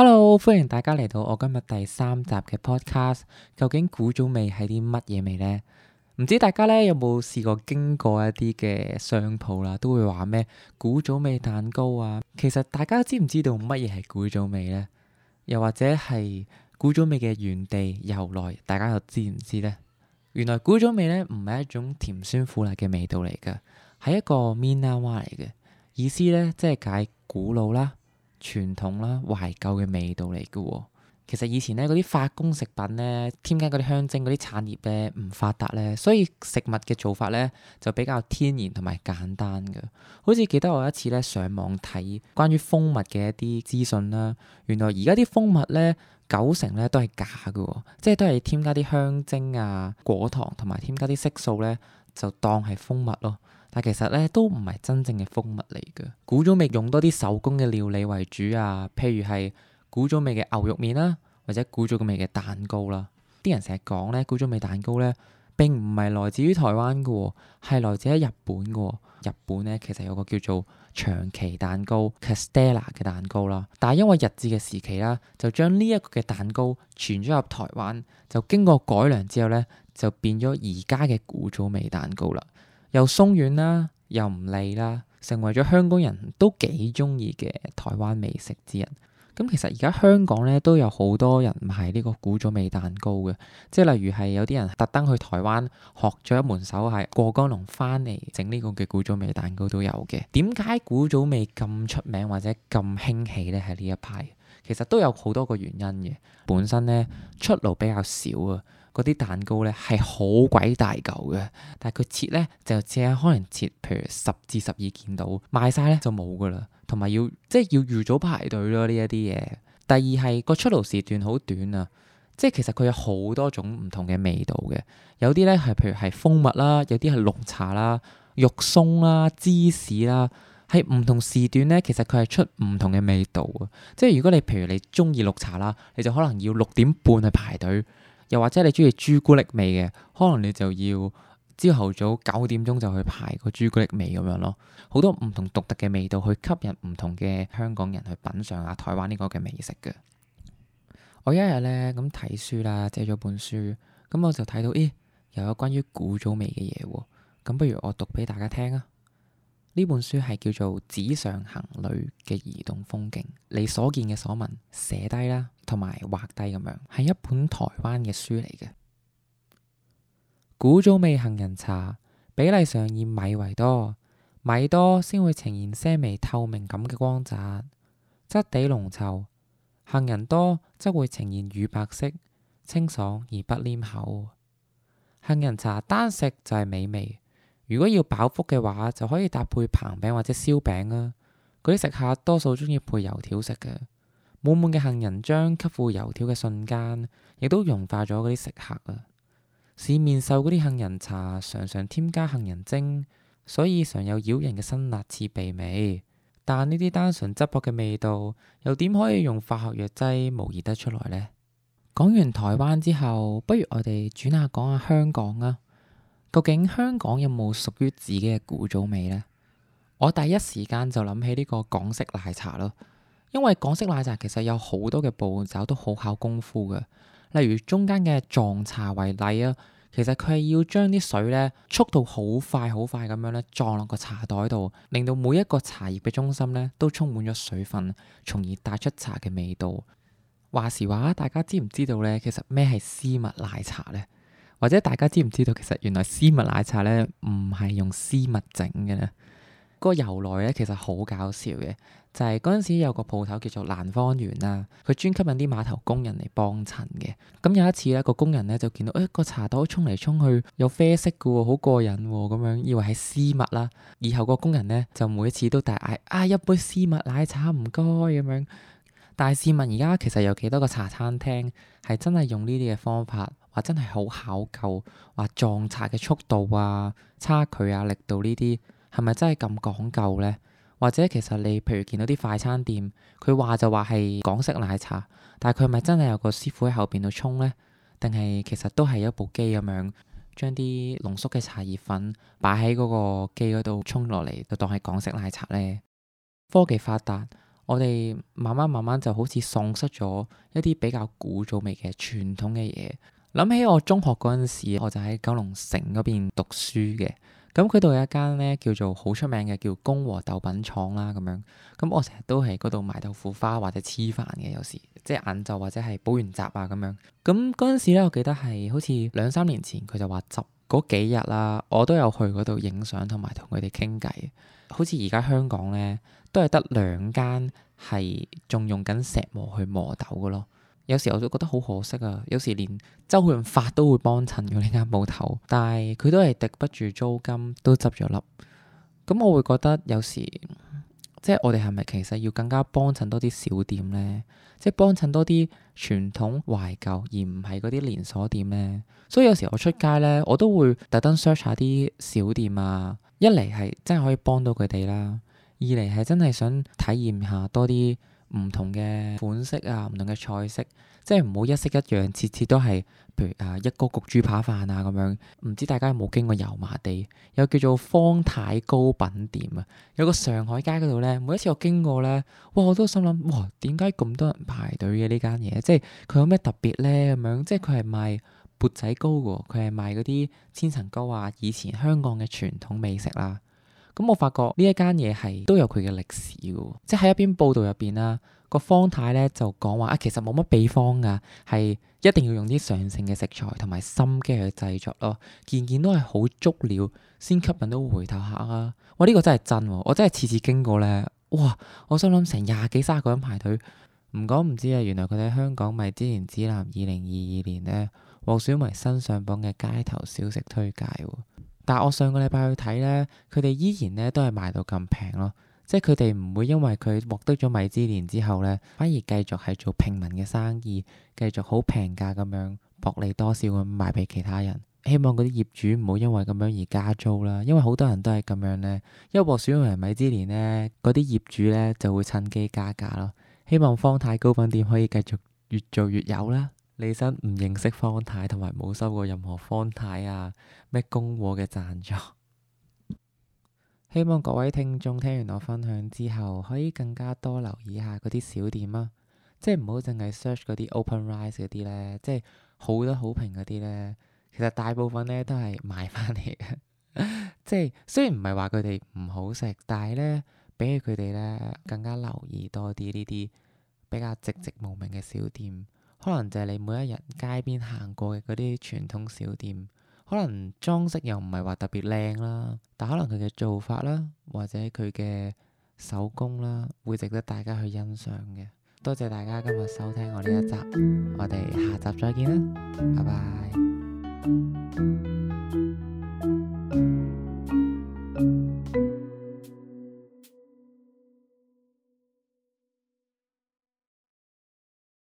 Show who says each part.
Speaker 1: Hello，歡迎大家嚟到我今日第三集嘅 podcast。究竟古早味係啲乜嘢味咧？唔知大家咧有冇試過經過一啲嘅商鋪啦，都會話咩古早味蛋糕啊。其實大家知唔知道乜嘢係古早味咧？又或者係古早味嘅原地由來，大家又知唔知咧？原來古早味咧唔係一種甜酸苦辣嘅味道嚟噶，係一個閩南話嚟嘅意思咧，即係解古老啦。傳統啦、啊，懷舊嘅味道嚟㗎喎。其實以前咧，嗰啲化工食品咧，添加嗰啲香精嗰啲產業咧，唔發達咧，所以食物嘅做法咧就比較天然同埋簡單㗎。好似記得我有一次咧上網睇關於蜂蜜嘅一啲資訊啦，原來而家啲蜂蜜咧九成咧都係假㗎、哦，即係都係添加啲香精啊、果糖同埋添加啲色素咧，就當係蜂蜜咯。但其實咧都唔係真正嘅蜂蜜嚟㗎。古早味用多啲手工嘅料理為主啊，譬如係古早味嘅牛肉麵啦、啊，或者古早味嘅蛋糕啦。啲人成日講咧，古早味蛋糕咧並唔係來自於台灣㗎喎，係來自喺日本㗎喎。日本咧其實有個叫做長崎蛋糕 （Castella） 嘅蛋糕啦，但係因為日治嘅時期啦，就將呢一個嘅蛋糕傳咗入台灣，就經過改良之後咧，就變咗而家嘅古早味蛋糕啦。又鬆軟啦，又唔膩啦，成為咗香港人都幾中意嘅台灣美食之一。咁其實而家香港咧都有好多人買呢個古早味蛋糕嘅，即係例如係有啲人特登去台灣學咗一門手藝，過江龍翻嚟整呢個嘅古早味蛋糕都有嘅。點解古早味咁出名或者咁興起咧？喺呢一排其實都有好多個原因嘅。本身咧出爐比較少啊。嗰啲蛋糕咧係好鬼大嚿嘅，但係佢切咧就切，可能切，譬如十至十二件到，賣晒咧就冇噶啦。同埋要即係要預早排隊咯。呢一啲嘢，第二係個出爐時段好短啊，即係其實佢有好多種唔同嘅味道嘅，有啲咧係譬如係蜂蜜啦，有啲係綠茶啦、肉鬆啦、芝士啦，喺唔同時段咧，其實佢係出唔同嘅味道啊。即係如果你譬如你中意綠茶啦，你就可能要六點半去排隊。又或者你中意朱古力味嘅，可能你就要朝頭早九點鐘就去排個朱古力味咁樣咯。好多唔同獨特嘅味道去吸引唔同嘅香港人去品嘗下台灣呢個嘅美食嘅。我一日咧咁睇書啦，借咗本書，咁我就睇到，咦、欸，又有關於古早味嘅嘢喎。咁不如我讀俾大家聽啊。呢本書係叫做《紙上行旅》嘅移動風景，你所見嘅所聞，寫低啦。同埋畫低咁樣，係一本台灣嘅書嚟嘅。古早味杏仁茶，比例上以米為多，米多先會呈現些微透明感嘅光澤，質地濃稠。杏仁多則會呈現乳白色，清爽而不黏口。杏仁茶單食就係美味，如果要飽腹嘅話，就可以搭配棒餅或者燒餅啊。嗰啲食客多數鍾意配油條食嘅。滿滿嘅杏仁漿吸附油條嘅瞬間，亦都融化咗嗰啲食客啊！市面售嗰啲杏仁茶常常添加杏仁精，所以常有擾人嘅辛辣刺鼻味。但呢啲單純質樸嘅味道，又點可以用化學藥劑模擬得出來呢？講完台灣之後，不如我哋轉下講下香港啊！究竟香港有冇屬於自己嘅古早味呢？我第一時間就諗起呢個港式奶茶咯。因為港式奶茶其實有好多嘅步驟都好考功夫㗎，例如中間嘅撞茶為例啊，其實佢係要將啲水咧速度好快好快咁樣咧撞落個茶袋度，令到每一個茶葉嘅中心咧都充滿咗水分，從而帶出茶嘅味道。話時話啊，大家知唔知道咧？其實咩係絲襪奶茶咧？或者大家知唔知道其實原來絲襪奶茶咧唔係用絲襪整嘅咧？個由來咧其實好搞笑嘅，就係嗰陣時有個鋪頭叫做蘭芳園啦，佢專吸引啲碼頭工人嚟幫襯嘅。咁有一次咧，個工人咧就見到誒、哎、個茶袋衝嚟衝去有啡色㗎喎，好過癮喎咁樣，以為係絲襪啦。然後個工人咧就每一次都大嗌啊一杯絲襪奶茶唔該咁樣。但係試問而家其實有幾多個茶餐廳係真係用呢啲嘅方法，話真係好考究，話撞茶嘅速度啊、差距啊、力度呢啲？係咪真係咁講究咧？或者其實你譬如見到啲快餐店，佢話就話係港式奶茶，但係佢係咪真係有個師傅喺後邊度沖咧？定係其實都係一部機咁樣將啲濃縮嘅茶葉粉擺喺嗰個機嗰度沖落嚟，就當係港式奶茶咧？科技發達，我哋慢慢慢慢就好似喪失咗一啲比較古早味嘅傳統嘅嘢。諗起我中學嗰陣時，我就喺九龍城嗰邊讀書嘅。咁佢度有一間咧叫做好出名嘅，叫公和豆品廠啦咁樣。咁我成日都喺嗰度買豆腐花或者黐飯嘅，有時即係晏晝或者係補完習啊咁樣。咁嗰陣時咧，我記得係好似兩三年前，佢就話執嗰幾日啦，我都有去嗰度影相同埋同佢哋傾偈。好似而家香港咧，都係得兩間係仲用緊石磨去磨豆嘅咯。有時我都覺得好可惜啊！有時連周潤發都會幫襯佢呢間鋪頭，但係佢都係敵不住租金，都執咗笠。咁我會覺得有時即係我哋係咪其實要更加幫襯多啲小店咧？即係幫襯多啲傳統懷舊，而唔係嗰啲連鎖店咧。所以有時我出街咧，我都會特登 search 下啲小店啊。一嚟係真係可以幫到佢哋啦，二嚟係真係想體驗下多啲。唔同嘅款式啊，唔同嘅菜式，即係唔好一式一樣，次次都係，譬如啊，一個焗豬扒飯啊咁樣。唔知大家有冇經過油麻地，有叫做方太糕品店啊，有個上海街嗰度咧，每一次我經過咧，哇，我都心諗，哇，點解咁多人排隊嘅呢間嘢？即係佢有咩特別咧咁樣？即係佢係賣缽仔糕喎，佢係賣嗰啲千層糕啊，以前香港嘅傳統美食啦。咁我發覺呢一間嘢係都有佢嘅歷史嘅，即係喺一篇報道入邊啦，個方太咧就講話啊，其實冇乜秘方㗎，係一定要用啲上乘嘅食材同埋心機去製作咯，件件都係好足料先吸引到回頭客啊！哇，呢個真係真喎，我真係次次經過咧，哇！我心諗成廿幾三十個人排隊，唔講唔知啊，原來佢哋喺香港米芝蓮指南二零二二年咧，獲選為新上榜嘅街頭小食推介。但係我上個禮拜去睇咧，佢哋依然咧都係賣到咁平咯，即係佢哋唔會因為佢獲得咗米芝蓮之後咧，反而繼續係做平民嘅生意，繼續好平價咁樣薄利多銷咁賣俾其他人。希望嗰啲業主唔好因為咁樣而加租啦，因為好多人都係咁樣咧，因為獲選為米芝蓮咧，嗰啲業主咧就會趁機加價咯。希望方太高品店可以繼續越做越有啦。你真唔認識方太，同埋冇收過任何方太啊咩供貨嘅贊助。希望各位聽眾聽完我分享之後，可以更加多留意下嗰啲小店啦，啊，即係唔好淨係 search 嗰啲 OpenRice 嗰啲咧，即係好多好評嗰啲咧。其實大部分咧都係買翻嚟嘅， 即係雖然唔係話佢哋唔好食，但係咧比起佢哋咧更加留意多啲呢啲比較寂寂無名嘅小店。可能就係你每一日街邊行過嘅嗰啲傳統小店，可能裝飾又唔係話特別靚啦，但可能佢嘅做法啦，或者佢嘅手工啦，會值得大家去欣賞嘅。多謝大家今日收聽我呢一集，我哋下集再見啦，拜拜。